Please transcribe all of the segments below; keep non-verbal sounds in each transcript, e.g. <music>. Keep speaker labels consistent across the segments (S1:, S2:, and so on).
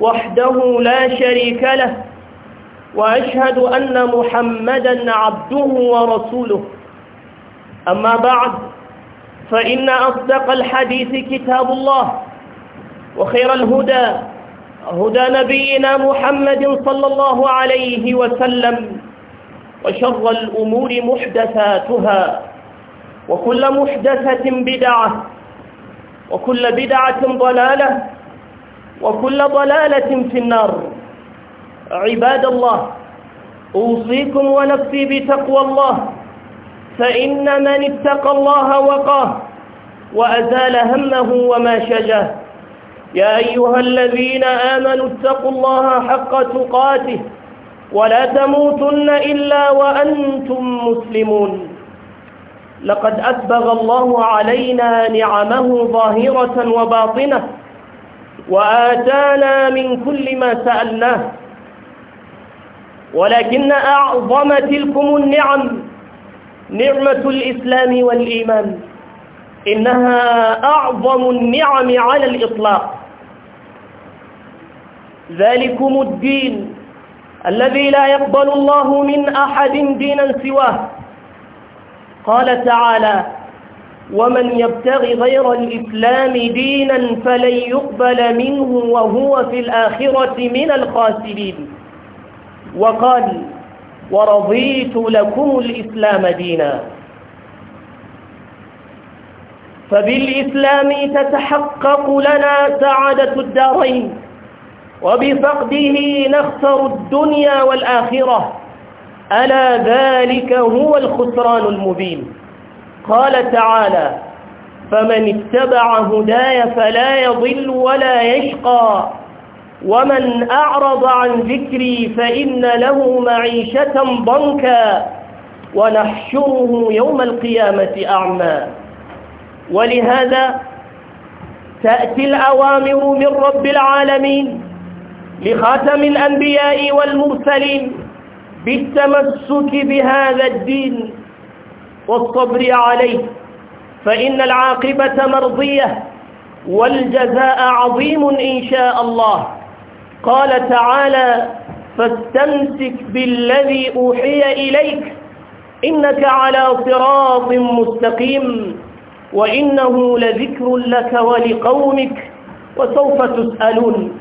S1: وحده لا شريك له وأشهد أن محمدا عبده ورسوله أما بعد فإن أصدق الحديث كتاب الله وخير الهدى هدى نبينا محمد صلى الله عليه وسلم وشر الأمور محدثاتها وكل محدثة بدعة وكل بدعة ضلالة وكل ضلالة في النار عباد الله أوصيكم ونفسي بتقوى الله فإن من اتقى الله وقاه وأزال همه وما شجاه يا أيها الذين آمنوا اتقوا الله حق تقاته ولا تموتن إلا وأنتم مسلمون لقد أسبغ الله علينا نعمه ظاهرة وباطنة وآتانا من كل ما سألناه ولكن أعظم تلكم النعم نعمة الإسلام والإيمان إنها أعظم النعم على الإطلاق ذلكم الدين الذي لا يقبل الله من أحد دينا سواه قال تعالى ومن يبتغي غير الإسلام دينا فلن يقبل منه وهو في الآخرة من الخاسرين وقال ورضيت لكم الإسلام دينا فبالإسلام تتحقق لنا سعادة الدارين وبفقده نخسر الدنيا والآخرة ألا ذلك هو الخسران المبين قال تعالى فمن اتبع هداي فلا يضل ولا يشقى ومن أعرض عن ذكري فإن له معيشة ضنكا ونحشره يوم القيامة أعمى ولهذا تأتي الأوامر من رب العالمين لخاتم الأنبياء والمرسلين بالتمسك بهذا الدين والصبر عليه فإن العاقبة مرضية والجزاء عظيم إن شاء الله قال تعالى فاستمسك بالذي أوحي إليك إنك على صراط مستقيم وإنه لذكر لك ولقومك وسوف تسألون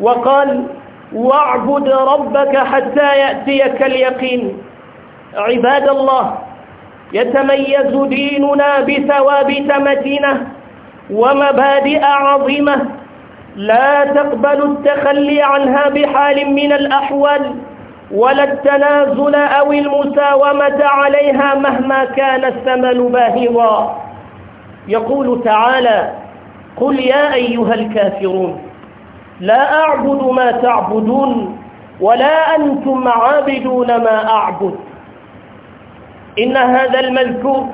S1: وقال واعبد ربك حتى يأتيك اليقين عباد الله يتميز ديننا بثوابت متينة ومبادئ عظيمة لا تقبل التخلي عنها بحال من الأحوال ولا التنازل أو المساومة عليها مهما كان الثمن باهظا يقول تعالى قل يا أيها الكافرون لا أعبد ما تعبدون ولا أنتم عابدون ما أعبد إن هذا المذكور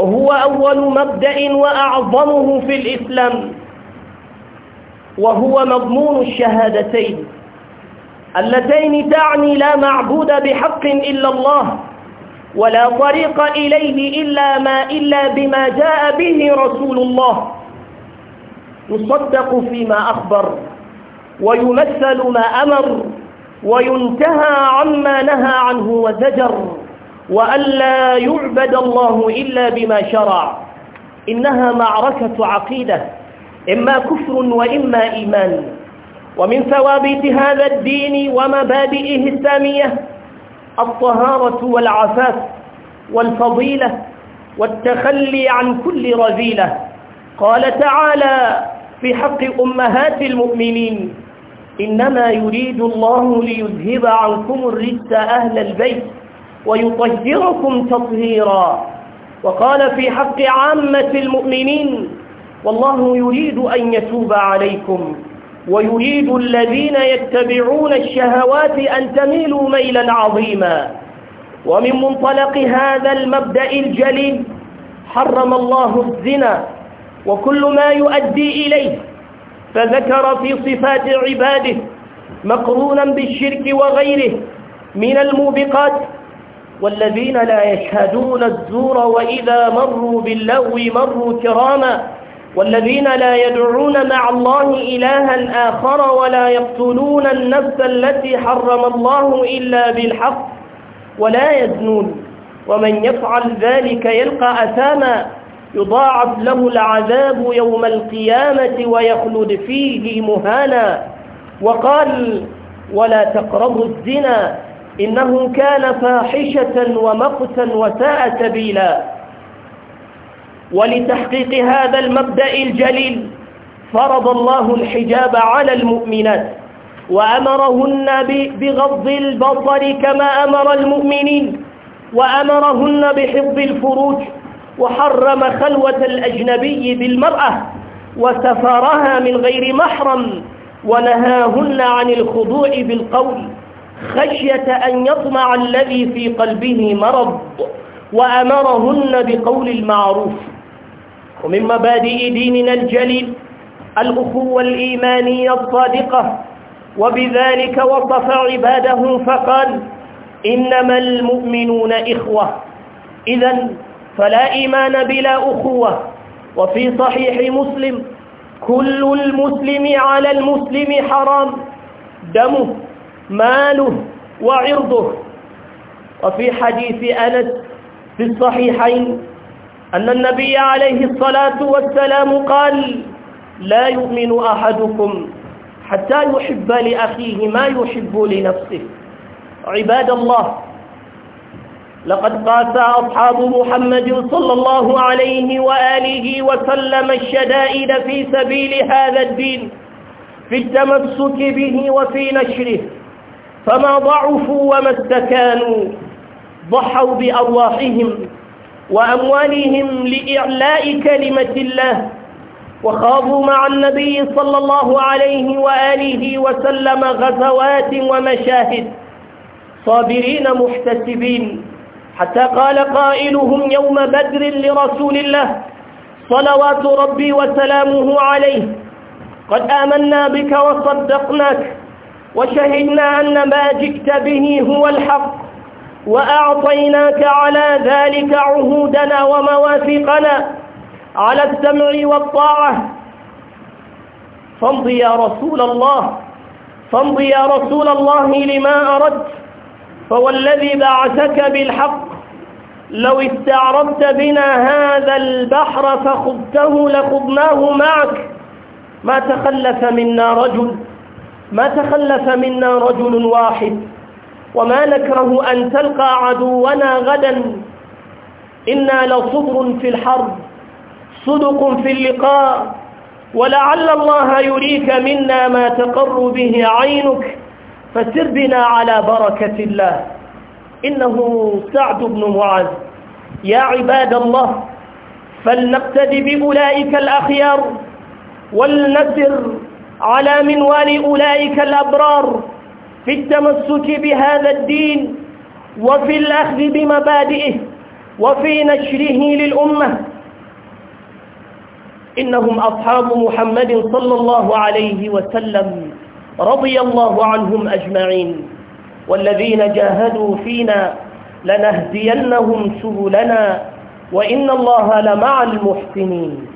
S1: هو أول مبدأ وأعظمه في الإسلام وهو مضمون الشهادتين اللتين تعني لا معبود بحق إلا الله ولا طريق إليه إلا, ما إلا بما جاء به رسول الله يصدق فيما أخبر ويمثل ما أمر وينتهى عما نهى عنه وزجر وألا يعبد الله إلا بما شرع إنها معركة عقيدة إما كفر وإما إيمان ومن ثوابت هذا الدين ومبادئه السامية الطهارة والعفاف والفضيلة والتخلي عن كل رذيلة قال تعالى في حق أمهات المؤمنين إنما يريد الله ليذهب عنكم الرجس أهل البيت ويطهركم تطهيرا وقال في حق عامة المؤمنين والله يريد أن يتوب عليكم ويريد الذين يتبعون الشهوات أن تميلوا ميلا عظيما ومن منطلق هذا المبدأ الجليل حرم الله الزنا وكل ما يؤدي إليه فذكر في صفات عباده مقرونا بالشرك وغيره من الموبقات والذين لا يشهدون الزور وإذا مروا باللغو مروا كراما والذين لا يدعون مع الله إلها آخر ولا يقتلون النفس التي حرم الله إلا بالحق ولا يزنون ومن يفعل ذلك يلقى أثاما يضاعف له العذاب يوم القيامة ويخلد فيه مهانا وقال ولا تقربوا الزنا إنه كان فاحشة ومقتا وساء سبيلا ولتحقيق هذا المبدأ الجليل فرض الله الحجاب على المؤمنات وأمرهن بغض البصر كما أمر المؤمنين وأمرهن بحفظ الفروج وحرم خلوة الأجنبي بالمرأة وسفرها من غير محرم ونهاهن عن الخضوع بالقول خشية أن يطمع الذي في قلبه مرض وأمرهن بقول المعروف ومن مبادئ ديننا الجليل الأخوة الإيمانية الصادقة وبذلك وصف عباده فقال إنما المؤمنون إخوة إذا فلا إيمان بلا أخوة وفي صحيح مسلم كل المسلم على المسلم حرام دمه ماله وعرضه وفي حديث أنس في الصحيحين أن النبي عليه الصلاة والسلام قال لا يؤمن أحدكم حتى يحب لأخيه ما يحب لنفسه عباد الله لقد قاس أصحاب محمد صلى الله عليه وآله وسلم الشدائد في سبيل هذا الدين في التمسك به وفي نشره فما ضعفوا وما استكانوا ضحوا بأرواحهم وأموالهم لإعلاء كلمة الله وخاضوا مع النبي صلى الله عليه وآله وسلم غزوات ومشاهد صابرين محتسبين حتى قال قائلهم يوم بدر لرسول الله صلوات ربي وسلامه عليه قد آمنا بك وصدقناك وشهدنا أن ما جئت به هو الحق وأعطيناك على ذلك عهودنا ومواثيقنا على السمع والطاعة فامض يا رسول الله فامض يا رسول الله لما أردت فوالذي بعثك بالحق لو استعرضت بنا هذا البحر فخضته لخضناه معك ما تخلف منا رجل ما تخلف منا رجل واحد وما نكره أن تلقى عدونا غدا إنا لصبر في الحرب صدق في اللقاء ولعل الله يريك منا ما تقر به عينك فسر بنا على بركة الله إنه سعد بن معاذ يا عباد الله فلنقتدي بأولئك الأخيار ولنسر على منوال أولئك الأبرار في التمسك بهذا الدين وفي الأخذ بمبادئه وفي نشره للأمة إنهم أصحاب محمد صلى الله عليه وسلم رضي الله عنهم أجمعين والذين جاهدوا فينا لنهدينهم سبلنا وإن الله لمع المحسنين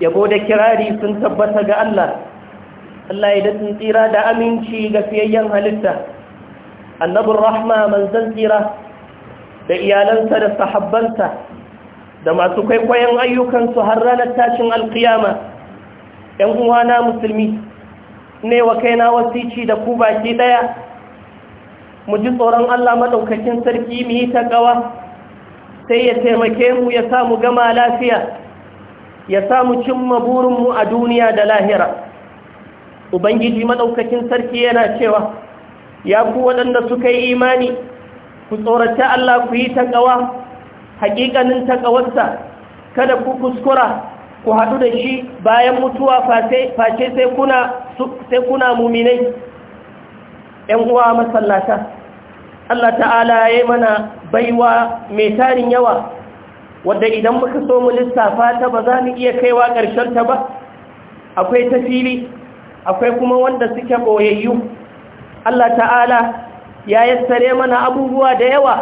S1: yabo da kirari sun tabbata ga Allah Allah ya dace tsira da aminci ga fiyayyen halitta annabin rahma manzan tsira da iyalansa da sahabbansa da masu kwaikwayon ayyukansu har ranar tashin alkiyama ‘yan uwana musulmi ne wa kaina wasici da ku baki ɗaya mu ji tsoron Allah maɗaukakin sarki mu yi ta ƙawa sai ya taimake mu ya sa mu gama lafiya ya sa samu cimma mu a duniya da lahira ubangiji maɗaukakin sarki yana cewa ya ku waɗanda suka yi imani ku tsorata Allah ku yi taƙawa haƙiƙanin taƙawarsa kada ku kuskura ku haɗu da shi bayan mutuwa face sai kuna muminai ‘yan uwa masallata Allah ta'ala ya yi mana baiwa mai tarin yawa wadda idan muka so mu lissafa ta ba za mu iya kaiwa ƙarshen ta ba akwai ta akwai kuma wanda suke ɓoyayyu Allah ta'ala ya yassare mana abubuwa da yawa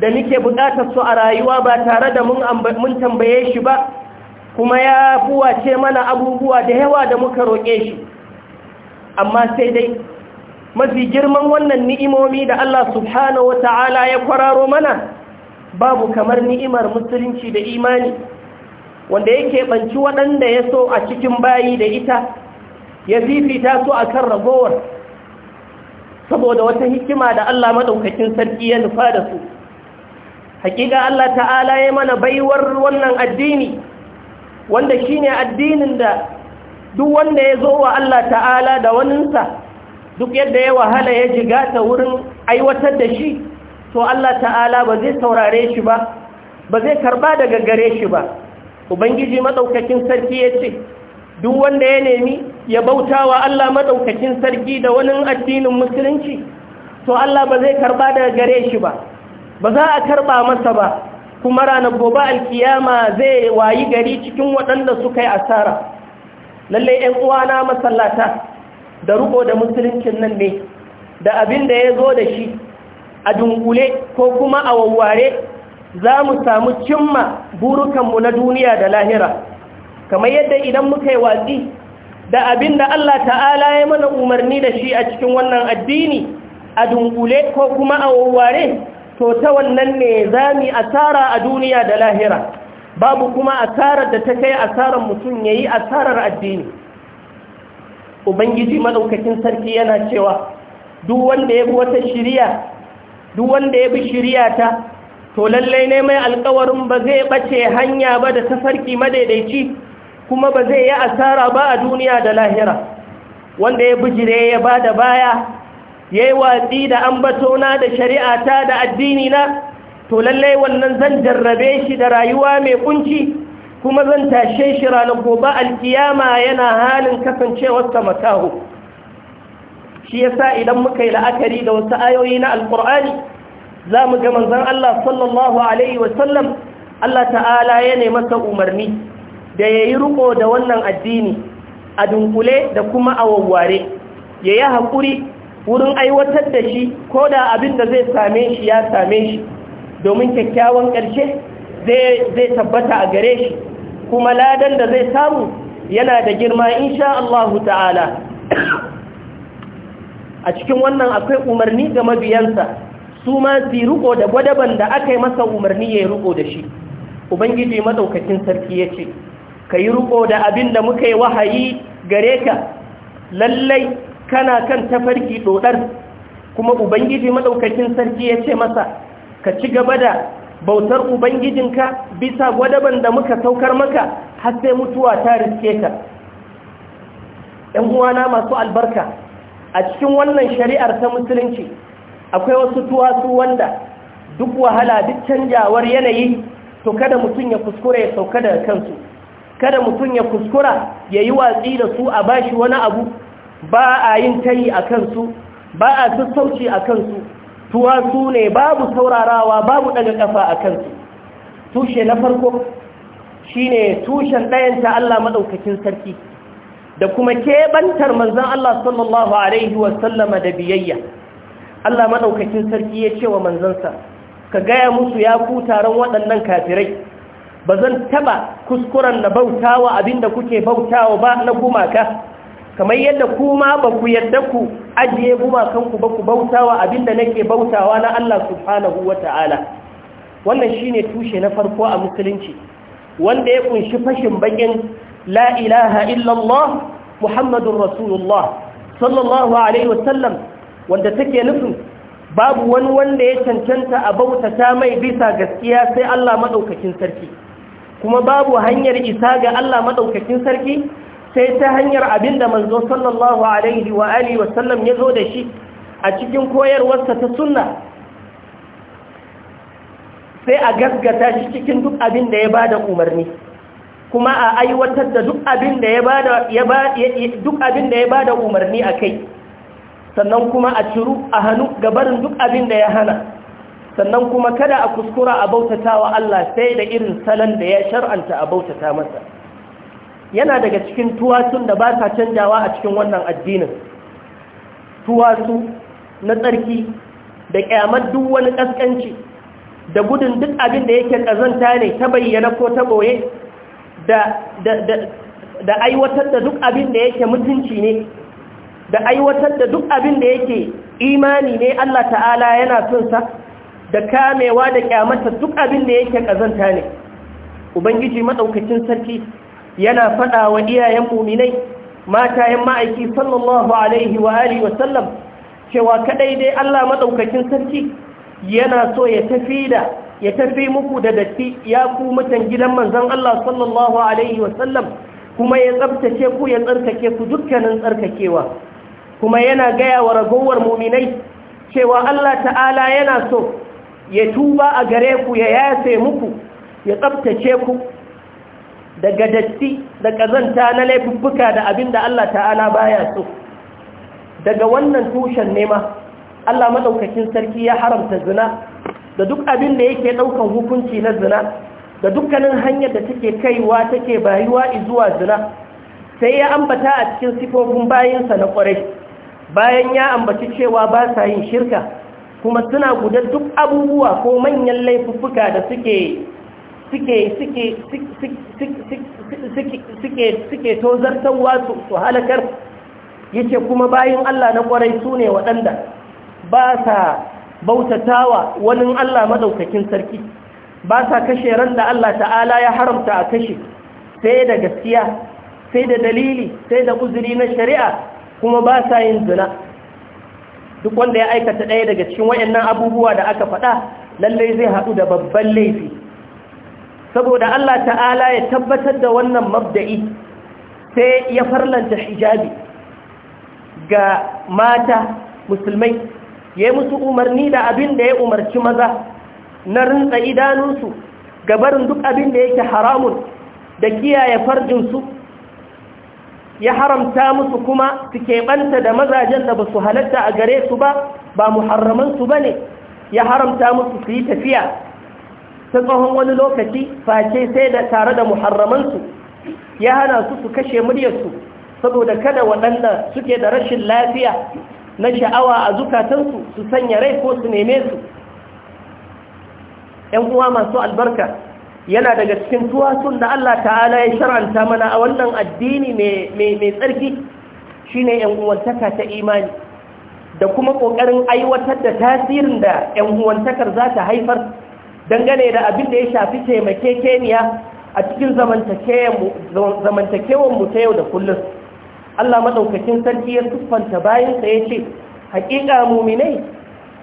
S1: da nike buƙatar su a rayuwa ba tare da mun tambaye shi ba kuma ya fuwace mana abubuwa da yawa da muka roƙe shi amma sai dai mafi girman wannan ni'imomi da Allah subhanahu wa ta'ala ya kwararo mana babu kamar ni'imar musulunci da imani wanda yake banci waɗanda ya so a cikin bayi da ita ya fifita su a kan ragowar saboda wata hikima da Allah maɗaukakin sarki ya nufa da su hakika Allah ta'ala ya mana baiwar wannan addini wanda shine addinin da duk wanda ya zo wa Allah ta'ala da waninsa duk yadda ya wahala ya jiga ta wurin aiwatar da shi to Allah ta'ala ba zai saurare shi ba ba zai karba daga gare shi ba ubangiji madaukakin sarki ya duk wanda ya nemi ya bautawa Allah madaukakin sarki da wani addinin musulunci to Allah ba zai karba daga gare shi ba ba za a karba masa ba kuma ranar gobe alkiyama zai wayi gari cikin waɗanda suka yi asara lallai 'yan uwana masallata da riko da musuluncin nan ne da abin da ya zo da shi a dunkule ko kuma a wawware za mu samu cimma burukanmu na duniya da lahira kamar yadda idan muka yi watsi da abin da Allah ta'ala ya mana umarni da shi a cikin wannan addini a dunkule ko kuma a wawware to ta wannan ne za mu asara a duniya da lahira babu kuma asarar da ta kai asarar mutum ya yi asarar addini ubangiji madaukakin sarki yana cewa duk wanda ya bi wata shiriya duk wanda ya bi ta to lallai ne mai alkawarin ba zai bace hanya ba da ta sarki madaidaici kuma ba zai yi asara ba a duniya da lahira wanda ya bijire ya ba da baya ya yi watsi da na da shari'a ta da addini na to lallai wannan zan jarrabe shi da rayuwa mai kunci kuma zan tashe shi ranar gobe alkiyama yana halin kasancewarsa makaho shi yasa idan muka yi la'akari da wasu ayoyi na alkur'ani za mu ga manzon Allah sallallahu alaihi wasallam Allah ta'ala ya ne masa umarni da ya yi riko da wannan addini a dunkule da kuma a wawware ya yi haƙuri wurin aiwatar da shi ko da abin da zai same shi ya same shi domin kyakkyawan ƙarshe zai tabbata a gare shi kuma ladan da zai samu yana da girma insha Allahu ta'ala a cikin wannan akwai umarni ga mabiyansa su ma su riko da gwadaban da aka yi masa umarni ya riko da shi ubangiji madaukakin sarki ya ce ka yi riko da abin da muka yi wahayi gare ka lallai kana kan tafarki dodar kuma ubangiji madaukakin sarki ya ce masa ka ci gaba da bautar ubangijinka bisa gwadaban da muka saukar maka har sai mutuwa ta riske ka ‘yan uwana masu albarka a cikin wannan shari'ar ta musulunci akwai wasu tuwasu wanda duk wahala duk canjawar yanayi to kada mutum ya kuskura ya sauka da kansu kada mutum ya kuskura ya yi watsi da su a bashi wani abu ba a yin tayi a kansu ba a sassauci a kansu su ne babu saurarawa babu daga kafa a kansu tushe na farko shine tushen ɗayanta Allah maɗaukakin sarki da kuma keɓantar manzan Allah sallallahu Alaihi wasallama da biyayya Allah maɗaukakin sarki ya ce wa manzansa ka gaya musu ya ku taron waɗannan kafirai ba zan taɓa kuskuren na bautawa abinda kuke bautawa ba na gumaka kamar yadda kuma ba ku yadda ku ajiye gumakanku ba ku bautawa abinda nake bautawa na Allah subhanahu wa ta'ala wannan shine tushe na farko a musulunci wanda ya kunshi fashin bakin la ilaha illallah muhammadun rasulullah sallallahu alaihi wasallam wanda take nufin babu wani wanda ya cancanta a bautata mai bisa gaskiya sai Allah madaukakin sarki kuma babu hanyar isa ga Allah madaukakin sarki sai ta hanyar abin da manzo sallallahu alaihi wa alihi wa sallam ya zo da shi a cikin koyarwarsa ta sunna sai a gasgata shi cikin duk abin da ya bada umarni kuma a aiwatar da duk abin da ya bada ya ba duk abin da ya bada umarni akai sannan kuma a ciru a hannu gabarin duk abin da ya hana sannan kuma kada a kuskura a bautatawa Allah sai da irin salon da ya shar'anta a bautata masa yana daga cikin tuwatsun da ba sa canjawa a cikin wannan addinin tuwatsu na tsarki da kyamar duk wani ƙasƙanci da gudun duk abin da yake ƙazanta ne ta bayyana ko ta ɓoye da aiwatar da duk abin da yake mutunci ne da aiwatar da duk abin da yake imani ne Allah ta'ala yana sunsa da kamewa da kyamata duk abin da yake ƙazanta ne ubangiji maɗaukacin sarki yana faɗa wa iyayen muminai mata yan ma'aiki sallallahu alaihi wa alihi wa sallam cewa kadai dai Allah madaukakin sarki yana so ya tafi da ya tafi muku da datti ya ku mutan gidan manzon Allah sallallahu alaihi wa sallam kuma ya tsabtace ku ya tsarkake ku dukkanin tsarkakewa kuma yana gaya wa ragowar muminai cewa Allah ta'ala yana so ya tuba a gare ku ya yase muku ya tsabtace ku daga datti da ƙazanta na laifuffuka da abin da Allah ta'ala baya so daga wannan tushen nema Allah maɗaukakin sarki ya haramta zina da duk abin da yake ɗaukan hukunci na zina da dukkanin hanyar da take kaiwa take bayuwa zuwa zina sai ya ambata a cikin sifofin bayansa na ƙwarai bayan ya ambaci cewa ba sa yin shirka kuma suna gudar duk abubuwa ko manyan laifuffuka da suke suke suke suke suke tozartarwa su halakar yake kuma bayan Allah na kwarai su ne waɗanda ba sa bautatawa wani Allah maɗaukakin sarki ba sa kashe ran da Allah ta'ala ya haramta a kashe sai da gaskiya sai da dalili sai da uzuri na shari'a kuma ba sa yin zina duk wanda ya aikata ɗaya daga cikin wayannan abubuwa da aka faɗa lallai zai haɗu da babban laifi saboda Allah ta'ala ya tabbatar da wannan mabda'i sai ya farlanta hijabi ga mata musulmai ya yi musu umarni da abin da ya umarci maza na rinsa idanunsu ga barin duk abin da yake haramun da kiyaye farjinsu ya haramta musu kuma su keɓanta da mazajen da ba su halatta a gare su ba ba muharramansu ba ne ya haramta musu su yi tafiya ta tsawon wani lokaci face sai da tare da muharramansu ya hana su su kashe muryarsu saboda kada waɗanda suke da rashin lafiya na sha'awa a zukatansu su sanya rai ko su neme su ‘yan uwa masu albarka yana daga cikin tuwasun da Allah ta'ala ya shar'anta mana a wannan addini mai tsarki shi ne uwantaka ta imani da kuma ƙoƙarin aiwatar da tasirin da ‘yan'uwantakar za ta haifar dangane da abin da ya shafi taimakekeniya a cikin zamantakewar mu ta yau da kullum Allah maɗaukakin sarki ya siffanta bayansa ya ce haƙiƙa muminai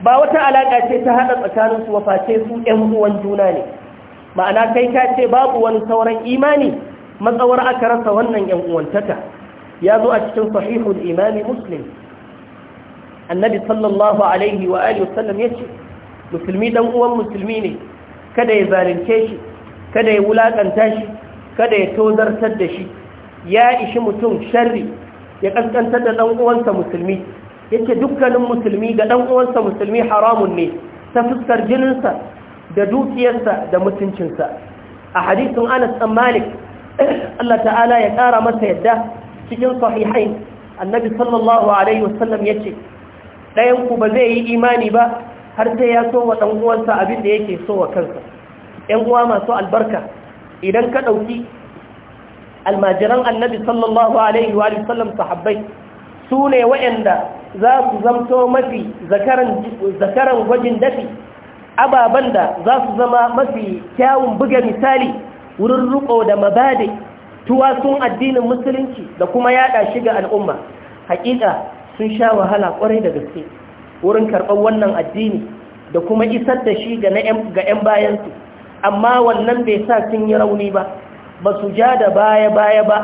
S1: ba wata alaƙa ce ta haɗa tsakaninsu wa face su ‘yan uwan juna ne ma'ana kai ka ce babu wani sauran imani matsawar aka rasa wannan ‘yan uwantaka ya zo a cikin sahihul imami muslim annabi sallallahu alaihi wa alihi wasallam ya ce musulmi dan uwan musulmi ne kada ya zalunce shi kada ya wulakanta shi kada ya tozartar da shi ya ishi mutum sharri ya kaskantar da dan uwansa musulmi yace dukkanin musulmi ga ɗan uwansa musulmi haramun ne ta fuskar jininsa da dukiyarsa da mutuncinsa a hadisin Anas ɗan Malik <clears throat> Allah ta'ala ya kara masa yadda cikin sahihain annabi sallallahu alaihi wasallam yace dayan ku ba zai yi imani ba har sai ya so wa ɗan uwansa abin da yake so wa kansa ‘yan uwa masu albarka idan ka ɗauki almajiran annabi sallallahu alaihi wa sallam sahabbai su ne waɗanda za su zamto mafi zakaran gwajin dafi ababen da za su zama mafi kyawun buga misali wurin riƙo da mabade tuwasun addinin musulunci da kuma yada shi ga al'umma hakika sun sha wahala kwarai da gaske wurin karɓar wannan addini da kuma isar da shi ga 'yan bayansu amma wannan bai sa sun yi rauni ba ba su ja da baya-baya ba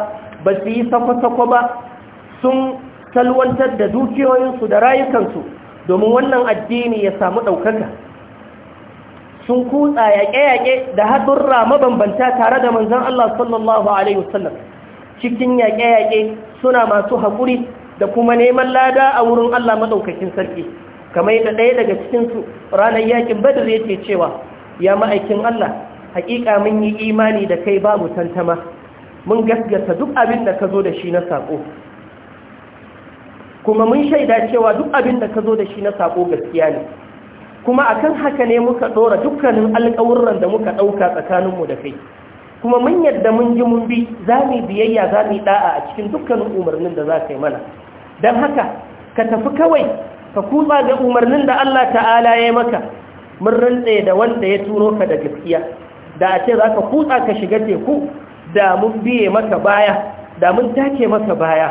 S1: ba su yi sako-sako ba sun salwantar da dukiyoyinsu da rayukansu domin wannan addini ya samu ɗaukaka sun kutsa yaƙe-yaƙe da haɗurra mabambanta tare da manzan Allah sallallahu Alaihi wasallam cikin yaƙe-yaƙe suna masu haƙuri da kuma neman lada a wurin Allah maɗaukakin sarki kamar da ɗaya daga cikinsu ranar yaƙin badar yake cewa ya ma'aikin Allah hakika mun yi imani da kai babu tantama mun gaskata duk abin da ka zo da shi na sako kuma mun shaida cewa duk abin da ka zo da shi na sako gaskiya ne kuma akan haka ne muka dora dukkanin alƙawurran da muka ɗauka tsakaninmu da kai kuma mun yarda mun ji mun bi za mu biyayya za mu da'a a cikin dukkanin umarnin da za ka yi mana don haka ka tafi kawai ka kutsa ga umarnin da Allah ta'ala ya yi maka mun rantse da wanda ya turo ka da gaskiya da a ce za ka kutsa ka shiga teku da mun biye maka baya da mun take maka baya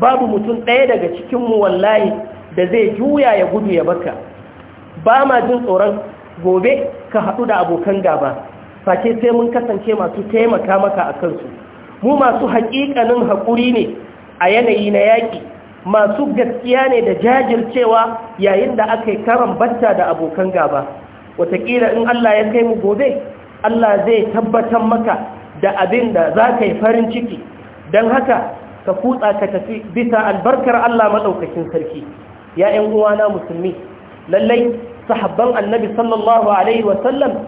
S1: babu mutum ɗaya daga cikinmu wallahi da zai juya ya gudu ya baka ba ma jin tsoron gobe ka haɗu da abokan gaba face sai mun kasance masu taimaka maka a kansu mu masu haƙiƙanin haƙuri ne a yanayi na yaƙi masu gaskiya ne da jajircewa yayin da aka yi karan batta da abokan gaba watakila in Allah ya kai mu gobe Allah zai tabbatar maka da abin da za ka yi farin ciki don haka ka kutsa ka tafi bisa albarkar Allah maɗaukakin sarki ya ‘yan uwana musulmi lallai sahabban annabi sallallahu alaihi wasallam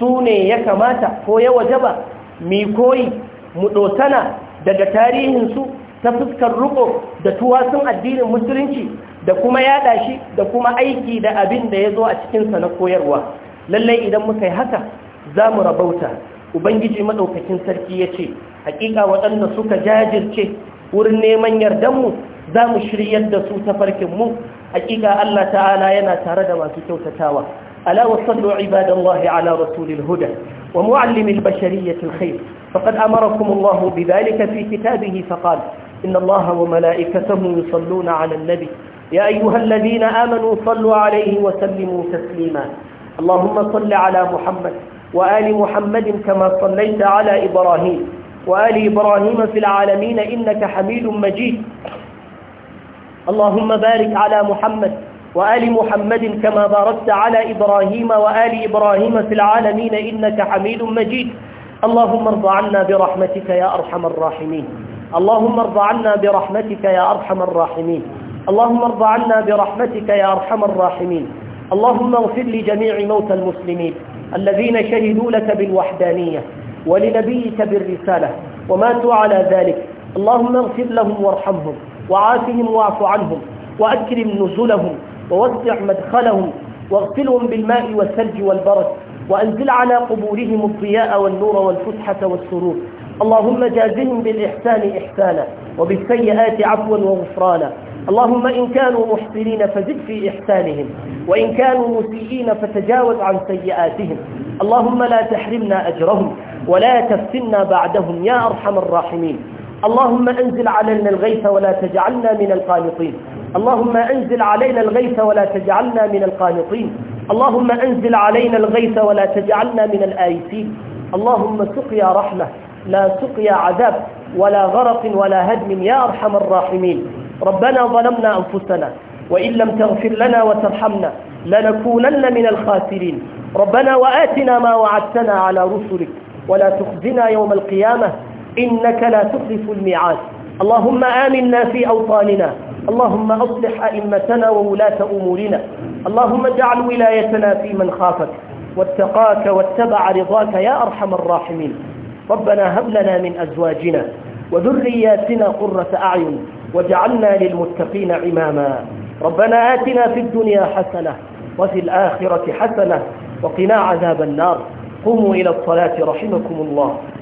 S1: su ne ya kamata ko ya wajaba mi koyi mu ɗotana daga tarihinsu ta fuskar riko da tuwasun addinin musulunci da kuma yada shi da kuma aiki da abin da ya zo a cikinsa na koyarwa lallai idan muka yi haka za mu rabauta ubangiji maɗaukakin sarki ya ce haƙiƙa waɗanda suka jajirce wurin neman yardanmu za mu shiryar da su ta mu. haƙiƙa allah ta'ala yana tare da masu kyautatawa ألا وصلوا عباد الله على رسول الهدى ومعلم البشرية الخير فقد أمركم الله بذلك في كتابه Inna Allaha wa mala'ikatahu يصلون على النبي يا أيها الذين آمنوا صلوا عليه وسلموا تسليما اللهم صل على محمد وآل محمد كما صليت على إبراهيم وآل إبراهيم في العالمين إنك حميد مجيد اللهم بارك على محمد وآل محمد كما باركت على إبراهيم وآل إبراهيم في العالمين إنك حميد مجيد اللهم ارض عنا برحمتك يا أرحم الراحمين اللهم ارض عنا برحمتك يا أرحم الراحمين اللهم ارض عنا برحمتك يا أرحم الراحمين اللهم اغفر لجميع موتى المسلمين الذين شهدوا لك بالوحدانية ولنبيك بالرسالة وماتوا على ذلك اللهم اغفر لهم وارحمهم وعافهم واعف عنهم وأكرم نزلهم ووسع مدخلهم واغسلهم بالماء والثلج والبرد وأنزل على قبورهم الضياء والنور والفسحة والسرور اللهم جازهم بالإحسان إحسانا وبالسيئات عفوا وغفرانا اللهم إن كانوا محسنين فزد في إحسانهم وإن كانوا مسيئين فتجاوز عن سيئاتهم اللهم لا تحرمنا أجرهم ولا تفتنا بعدهم يا أرحم الراحمين اللهم أنزل علينا الغيث ولا تجعلنا من القانطين اللهم أنزل علينا الغيث ولا تجعلنا من القانطين اللهم أنزل علينا الغيث ولا تجعلنا من الآيسين اللهم سقيا رحمة لا سقيا عذاب ولا غرق ولا هدم يا أرحم الراحمين ربنا ظلمنا أنفسنا وإن لم تغفر لنا وترحمنا لنكونن من الخاسرين ربنا وآتنا ما وعدتنا على رسلك ولا تخزنا يوم القيامة إنك لا تخلف الميعاد اللهم آمنا في أوطاننا اللهم أصلح أئمتنا وولاة أمورنا اللهم اجعل ولايتنا في من خافك واتقاك واتبع رضاك يا أرحم الراحمين ربنا هب لنا من أزواجنا وذرياتنا قرة أعين وجعلنا للمتقين عماما ربنا آتنا في الدنيا حسنة وفي الآخرة حسنة وقنا عذاب النار قوموا إلى الصلاة رحمكم الله